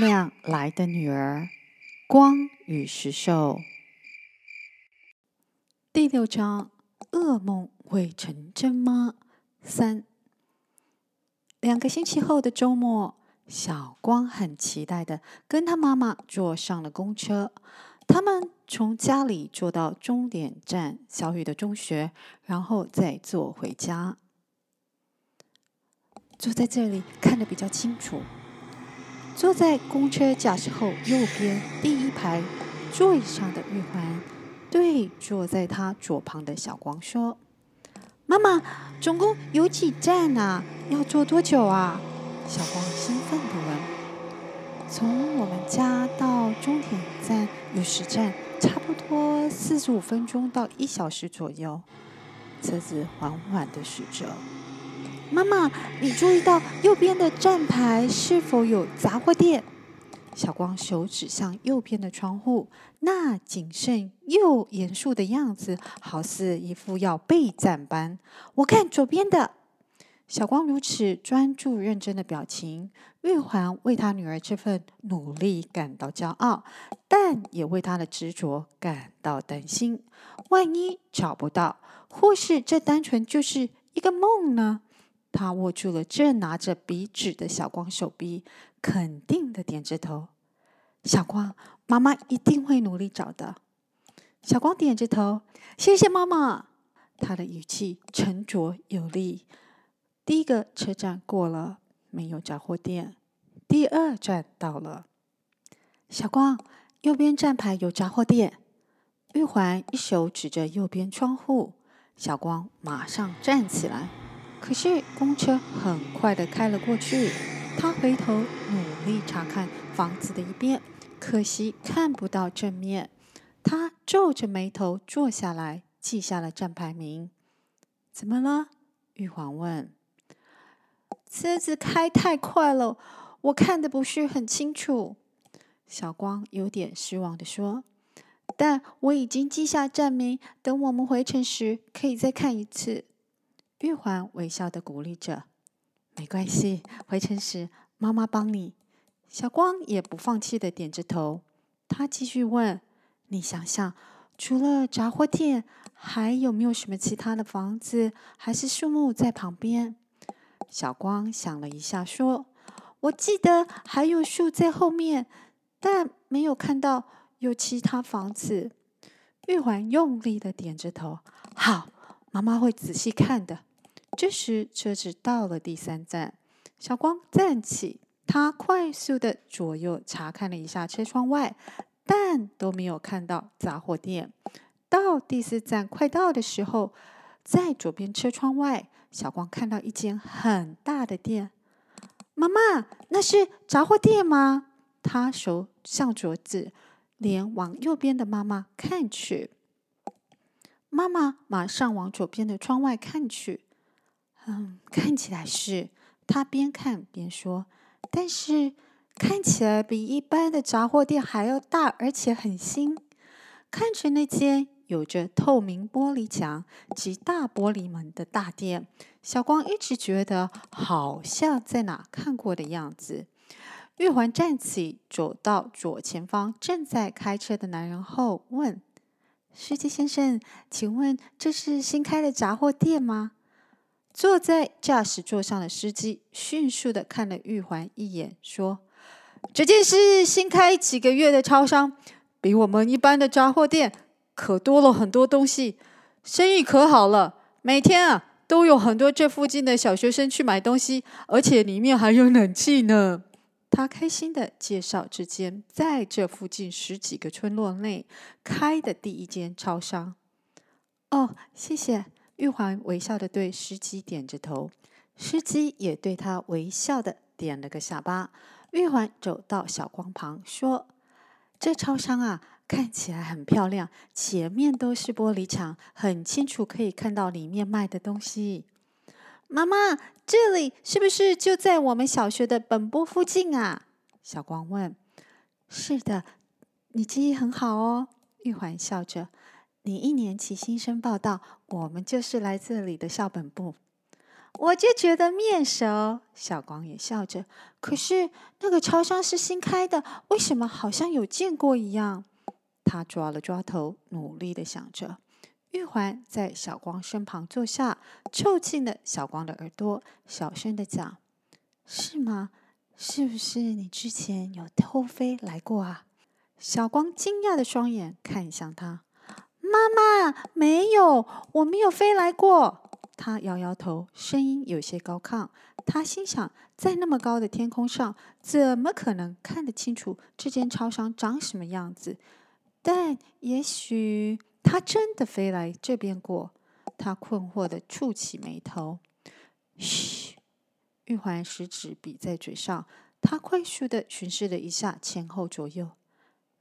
亮來的女兒，光與石獸第六章：噩夢會成真嗎？三。兩個星期後的周末，小光很期待的跟他媽媽坐上了公車。他們從家裡坐到終點站小宇的中學，然後再坐回家。坐在這裡看得比較清楚。坐在公車駕駛後右邊第一排座椅上的玉環，對坐在他左旁的小光說：“媽媽，總共有幾站啊？要坐多久啊？”小光興奮地問。從我們家到終點站玉石站，差不多四十五分鐘到一小時左右。車子緩緩的駛着。媽媽，你注意到右邊的站牌是否有雜貨店？小光手指向右邊的窗戶，那謹慎又嚴肅的樣子，好似一副要備戰般。我看左邊的。小光如此專注認真的表情，玉環為他女兒這份努力感到驕傲，但也為他的執着感到擔心。萬一找不到，或是這單純就是一個夢呢？他握住了正拿着筆紙的小光手臂，肯定的點着頭。小光，媽媽一定會努力找的。小光點着頭，謝謝媽媽。他的語氣沉着有力。第一個車站過了，沒有雜貨店。第二站到了。小光，右邊站牌有雜貨店。玉環一手指着右邊窗戶，小光馬上站起來。可是，公車很快的開了過去。他回頭努力查看房子的一邊，可惜看不到正面。他皺着眉頭坐下來，記下了站牌名。怎麼了？玉皇問。車子開太快了，我看的不是很清楚。小光有點失望的說。但我已經記下站名，等我們回程時可以再看一次。玉環微笑的鼓勵着：“沒關係，回程時媽媽幫你。”小光也不放棄的點着頭。他繼續問：“你想想，除了雜貨店，還有沒有什麼其他的房子，還是樹木在旁邊？”小光想了一下，說：“我記得還有樹在後面，但沒有看到有其他房子。”玉環用力的點着頭：“好，媽媽會仔細看的。”這時，車子到了第三站，小光站起，他快速的左右查看了一下車窗外，但都沒有看到雜貨店。到第四站快到的時候，在左邊車窗外，小光看到一間很大的店。媽媽，那是雜貨店嗎？他手向左指，臉往右邊的媽媽看去。媽媽馬上往左邊的窗外看去。嗯，看起來是。他邊看邊說，但是看起來比一般的雜貨店還要大，而且很新。看着那間有着透明玻璃牆及大玻璃門的大店，小光一直覺得好像在哪看過的樣子。玉環站起，走到左前方正在開車的男人後，問：“司機先生，請問這是新開的雜貨店嗎？”坐在駕駛座上的司機迅速的看了玉環一眼，說：“這間是新開幾個月的超商，比我們一般的雜貨店可多了很多東西，生意可好了。每天啊，都有很多這附近的小學生去買東西，而且裡面還有暖氣呢。”他開心的介紹之：“這間在這附近十幾個村落內開的第一間超商。”哦，謝謝。.玉環微笑的對司機點着頭，司機也對她微笑的點了個下巴。玉環走到小光旁，說：“這超商啊，看起來很漂亮，前面都是玻璃牆，很清楚可以看到裡面賣的東西。”“媽媽，這裡是不是就在我們小學的本部附近啊？”小光問。“是的，你記憶很好哦。”玉環笑着。你一年級新生報到，我們就是來這裡的校本部，我就覺得面熟。小光也笑着，可是那個超商是新開的，為什麼好像有見過一樣？他抓了抓頭，努力的想着。玉環在小光身旁坐下，湊近了小光的耳朵，小聲的講：“是嗎？是不是你之前有偷飛來過啊？”小光驚訝的雙眼看向他。媽媽，沒有，我沒有飛來過。他搖搖頭，聲音有些高亢。他心想，在那麼高的天空上，怎麼可能看得清楚這間超商長什麼樣子？但也許他真的飛來這邊過。他困惑地蹙起眉頭。噓，玉環食指比在嘴上。他快速地巡視了一下前後左右，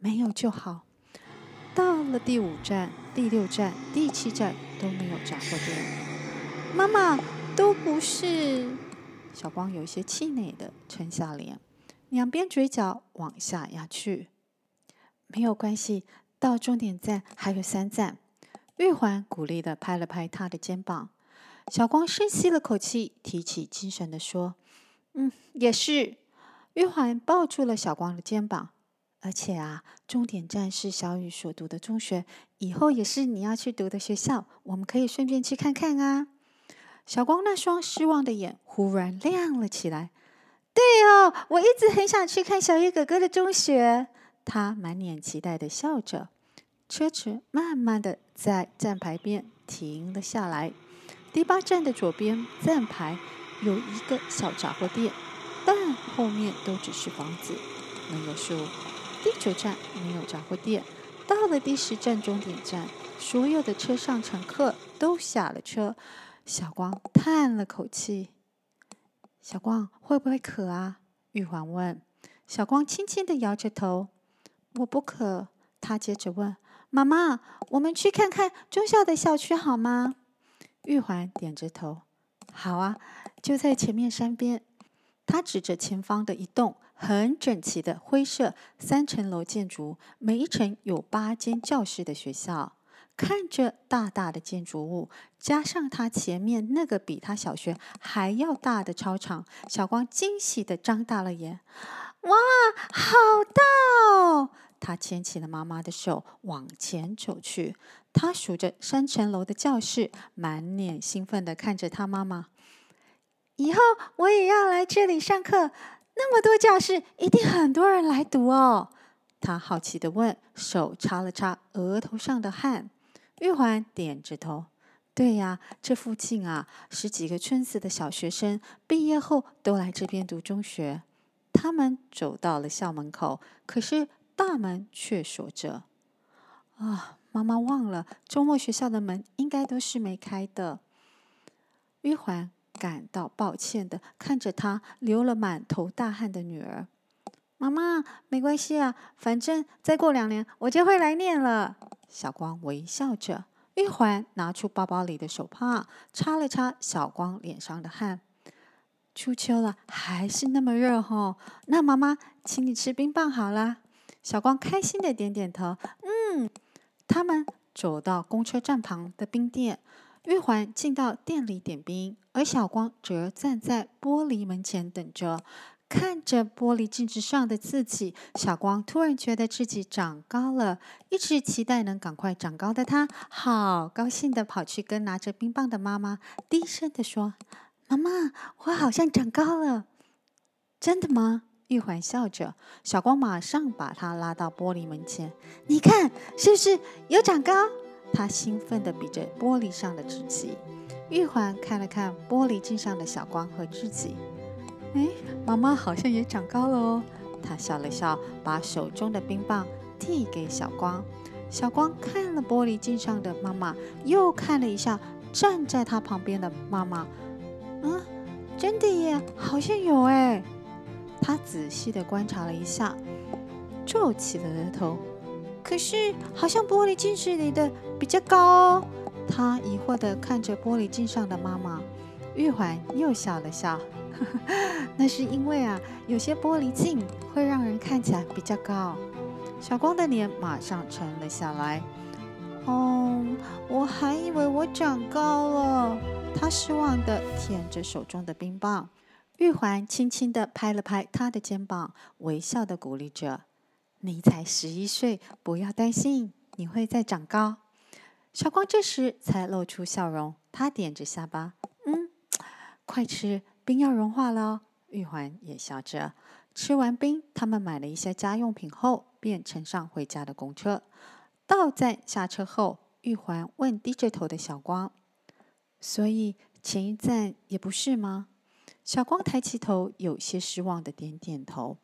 沒有就好。到了第五站，第六站，第七站都沒有找到站牌。媽媽，都不是。小光有些氣餒的沉下臉，兩邊嘴角往下壓去。沒有關係，到終點站還有三站。玉環鼓勵的拍了拍他的肩膀。小光深吸了口氣，提起精神的說：“嗯，也是。”玉環抱住了小光的肩膀。而且啊，終點站是小雨所讀的中學，以後也是你要去讀的學校，我們可以順便去看看啊。小光那雙失望的眼忽然亮了起來。對哦，我一直很想去看小雨哥哥的中學。她滿臉期待的笑着。車子慢慢的在站牌邊停了下來。第八站的左邊站牌有一個小雜貨店，但後面都只是房子，沒有樹。第九站沒有閘過電，到了第十站終點站，所有的車上乘客都下了車。小光嘆了口氣：“小光會不會渴啊？”玉環問。小光輕輕地搖着頭：“我不渴。”他接着問：“媽媽，我們去看看中校的校區好嗎？”玉環點着頭：“好啊，就在前面山邊。”他指着前方的一棟。很整齊的灰色三層樓建築，每一層有八間教室的學校。看着大大的建築物，加上它前面那個比他小學還要大的操場，小光驚喜的張大了眼：“哇，好大哦！”他牽起了媽媽的手往前走去。他數着三層樓的教室，滿臉興奮的看着他媽媽：“以後我也要來這裡上課。”那麼多教室，一定很多人來讀哦。他好奇地問，手擦了擦額頭上的汗。玉環點着頭，對呀，這附近啊，十幾個村子的小學生畢業後都來這邊讀中學。他們走到了校門口，可是大門卻鎖着。啊，媽媽忘了，周末學校的門應該都是沒開的。玉環。感到抱歉的看着她流了滿頭大汗的女兒，媽媽，沒關係啊，反正再過兩年我就會來念了。小光微笑着，玉環拿出包包裡的手帕，擦了擦小光臉上的汗。初秋了，還是那麼熱吼、哦。那媽媽，請你吃冰棒好了。小光開心的點點頭，嗯。他們走到公車站旁的冰店。玉環進到店裡點冰，而小光則站在玻璃門前等着。看着玻璃鏡子上的自己，小光突然覺得自己長高了。一直期待能趕快長高的她，好高興的跑去跟拿着冰棒的媽媽低聲的說：“媽媽，我好像長高了。”“真的嗎？”玉環笑着。小光馬上把她拉到玻璃門前：“你看，是不是有長高？”他興奮地比着玻璃上的自己，玉環看了看玻璃鏡上的小光和自己，哎，媽媽好像也長高了哦。她笑了笑，把手中的冰棒遞給小光。小光看了玻璃鏡上的媽媽，又看了一下站在他旁邊的媽媽，啊，真的耶，好像有哎。他仔細地觀察了一下，皺起了額頭。可是，好像玻璃鏡子裡的比較高哦。她疑惑地看着玻璃鏡上的媽媽。玉環又笑了笑，呵呵：“那是因為啊，有些玻璃鏡會讓人看起來比較高。”小光的臉馬上沉了下來。“哦，我還以為我長高了。”她失望地舔着手中的冰棒。玉環輕輕地拍了拍她的肩膀，微笑地鼓勵着。你才十一歲，不要擔心，你會再長高。小光這時才露出笑容，他點着下巴：“嗯，快吃，冰要融化了。”玉環也笑着。吃完冰，他們買了一些家用品後，便乘上回家的公車。到站下車後，玉環問低着頭的小光：“所以前一站也不是嗎？”小光抬起頭，有些失望的點點頭。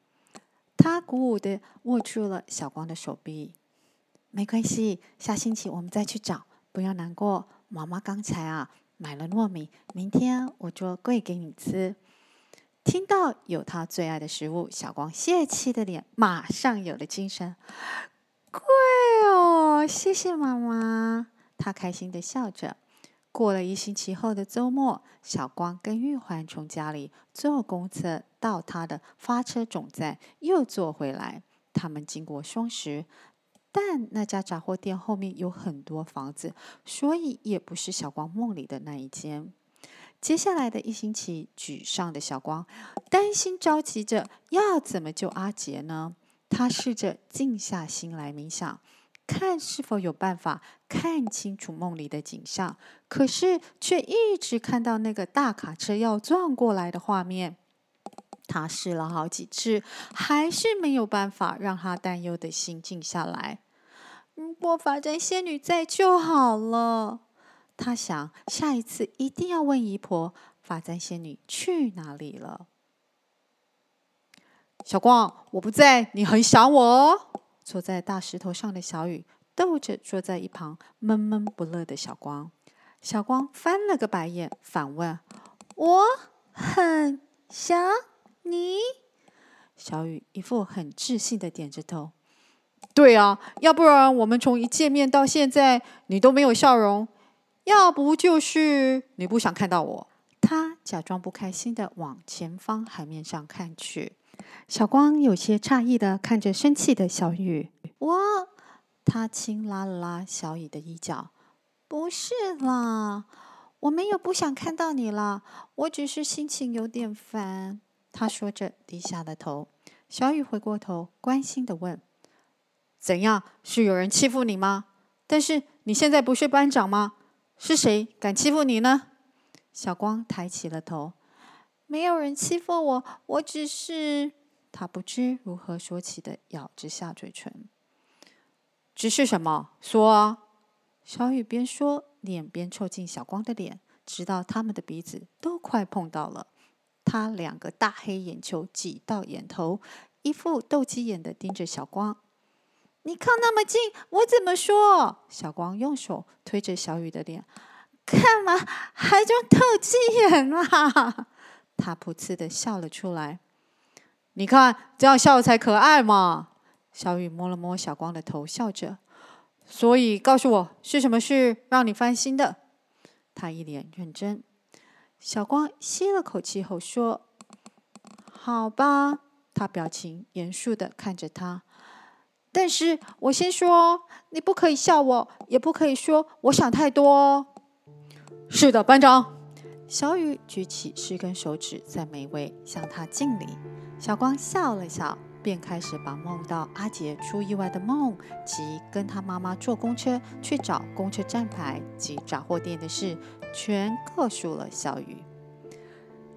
他鼓舞地握住了小光的手臂。沒關係，下星期我們再去找，不要難過。媽媽剛才啊，買了糯米，明天我做粿給你吃。聽到有他最愛的食物，小光洩氣的臉馬上有了精神。粿哦，謝謝媽媽。他開心的笑着。過了一星期後的周末，小光跟玉環從家裡坐公車到他的發車總站，又坐回來。他們經過雙十，但那家雜貨店後面有很多房子，所以也不是小光夢裡的那一間。接下來的一星期，沮喪的小光擔心、着急着要怎麼救阿杰呢？他試着靜下心來冥想。看是否有辦法看清楚夢裡的景象，可是卻一直看到那個大卡車要撞過來的畫面。他試了好幾次，還是沒有辦法讓他擔憂的心靜下來。如果、嗯、法杖仙女在就好了，他想，下一次一定要問姨婆，法杖仙女去哪裡了？小光，我不在，你很想我哦。坐在大石頭上的小宇逗着坐在一旁悶悶不樂的小光，小光翻了個白眼，反問：“我很想你？”小宇一副很自信的點着頭：“對啊，要不然我們從一見面到現在，你都沒有笑容，要不就是你不想看到我。”他假裝不開心的往前方海面上看去。小光有些詫異的看着生氣的小宇，我，他輕拉了拉小宇的衣角，不是啦，我沒有不想看到你啦，我只是心情有點煩。他說着低下了頭。小宇回過頭，關心的問：“怎樣？是有人欺負你嗎？但是你現在不是班長嗎？是誰敢欺負你呢？”小光抬起了頭。沒有人欺負我，我只是……他不知如何說起的，咬着下嘴唇。只是什麼？說啊。小宇邊說，臉邊湊近小光的臉，直到他們的鼻子都快碰到了。他兩個大黑眼球擠到眼頭，一副鬥雞眼的盯着小光。你靠那麼近，我怎麼說？小光用手推着小宇的臉，幹嘛還裝鬥雞眼啊！他噗嗤的笑了出來，你看，這樣笑才可愛嘛！小宇摸了摸小光的頭，笑着。所以告訴我，是什麼事讓你煩心的？他一臉認真。小光吸了口氣後說：“好吧。”他表情嚴肅地看着他。但是，我先說，你不可以笑我，也不可以說我想太多。是的，班長。小宇舉起十根手指，在眉尾向她敬禮。小光笑了笑，便開始把夢到阿杰出意外的夢，及跟他媽媽坐公車去找公車站牌及雜貨店的事，全告訴了小宇。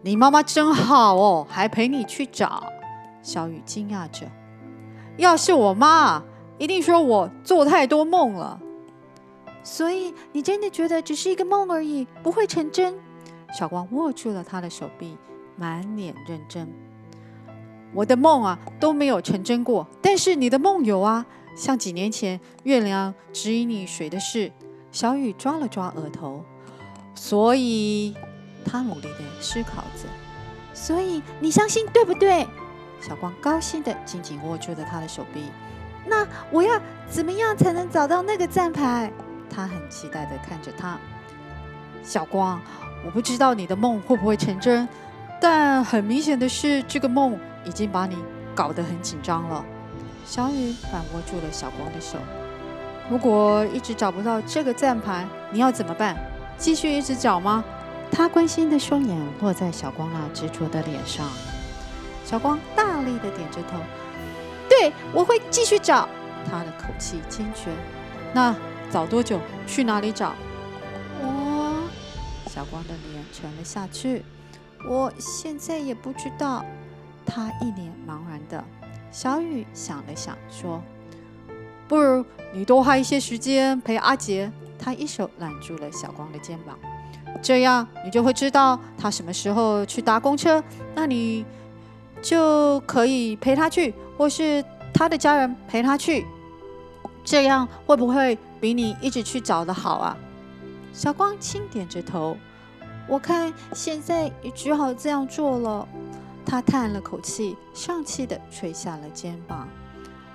你媽媽真好哦，還陪你去找。小宇驚訝着：“要是我媽，一定說我做太多夢了。”所以你真的覺得只是一個夢而已，不會成真？小光握住了他的手臂，滿臉認真。我的夢啊都沒有成真過，但是你的夢有啊，像幾年前月亮指引你誰的事。小宇抓了抓額頭，所以他努力地思考着。所以你相信對不對？小光高興地緊緊握住了他的手臂。那我要怎麼樣才能找到那個站牌？他很期待地看着他，小光。我不知道你的夢會不會成真，但很明顯的是，這個夢已經把你搞得很緊張了。小宇反握住了小光的手。如果一直找不到這個站牌，你要怎麼辦？繼續一直找嗎？他關心的雙眼落在小光那執着的臉上。小光大力的點着頭，對，我會繼續找。他的口氣堅決。那找多久？去哪裏找？小光的臉沉了下去，我現在也不知道。他一臉茫然的。小宇想了想，說：“不如你多花一些時間陪阿杰。”他一手攬住了小光的肩膀，這樣你就會知道他什麼時候去搭公車，那你就可以陪他去，或是他的家人陪他去，這樣會不會比你一直去找的好啊？小光輕點着頭，我看現在也只好這樣做了。他嘆了口氣，喪氣的垂下了肩膀。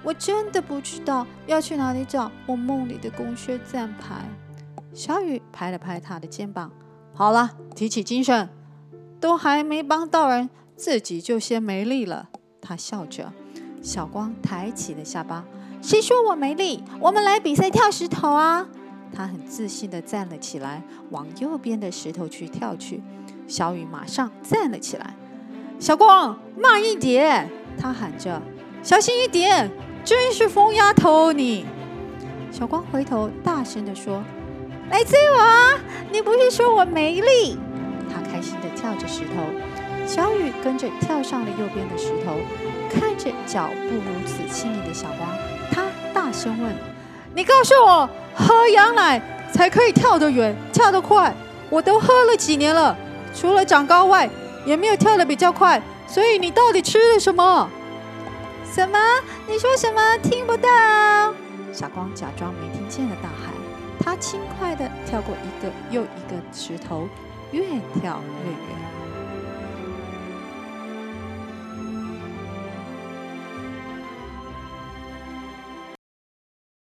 我真的不知道要去哪裡找我夢裡的公車站牌。小宇拍了拍他的肩膀：“好了，提起精神，都還沒幫到人，自己就先沒力了。”他笑着。小光抬起了下巴：“誰說我沒力？我們來比賽跳石頭啊！”他很自信的站了起來，往右邊的石頭去跳去。小宇馬上站了起來，小光慢一點，他喊着，小心一點，真是瘋丫頭你。小光回頭大聲的說，來追我啊！你不是說我沒力？他開心的跳着石頭，小宇跟着跳上了右邊的石頭，看着腳步如此輕盈的小光，他大聲問，你告訴我。喝羊奶才可以跳得遠、跳得快，我都喝了幾年了，除了長高外，也沒有跳得比較快。所以你到底吃了什麼？什麼？你說什麼？聽不到。小光假裝沒聽見的大喊，他輕快地跳過一個又一個石頭，越跳越遠。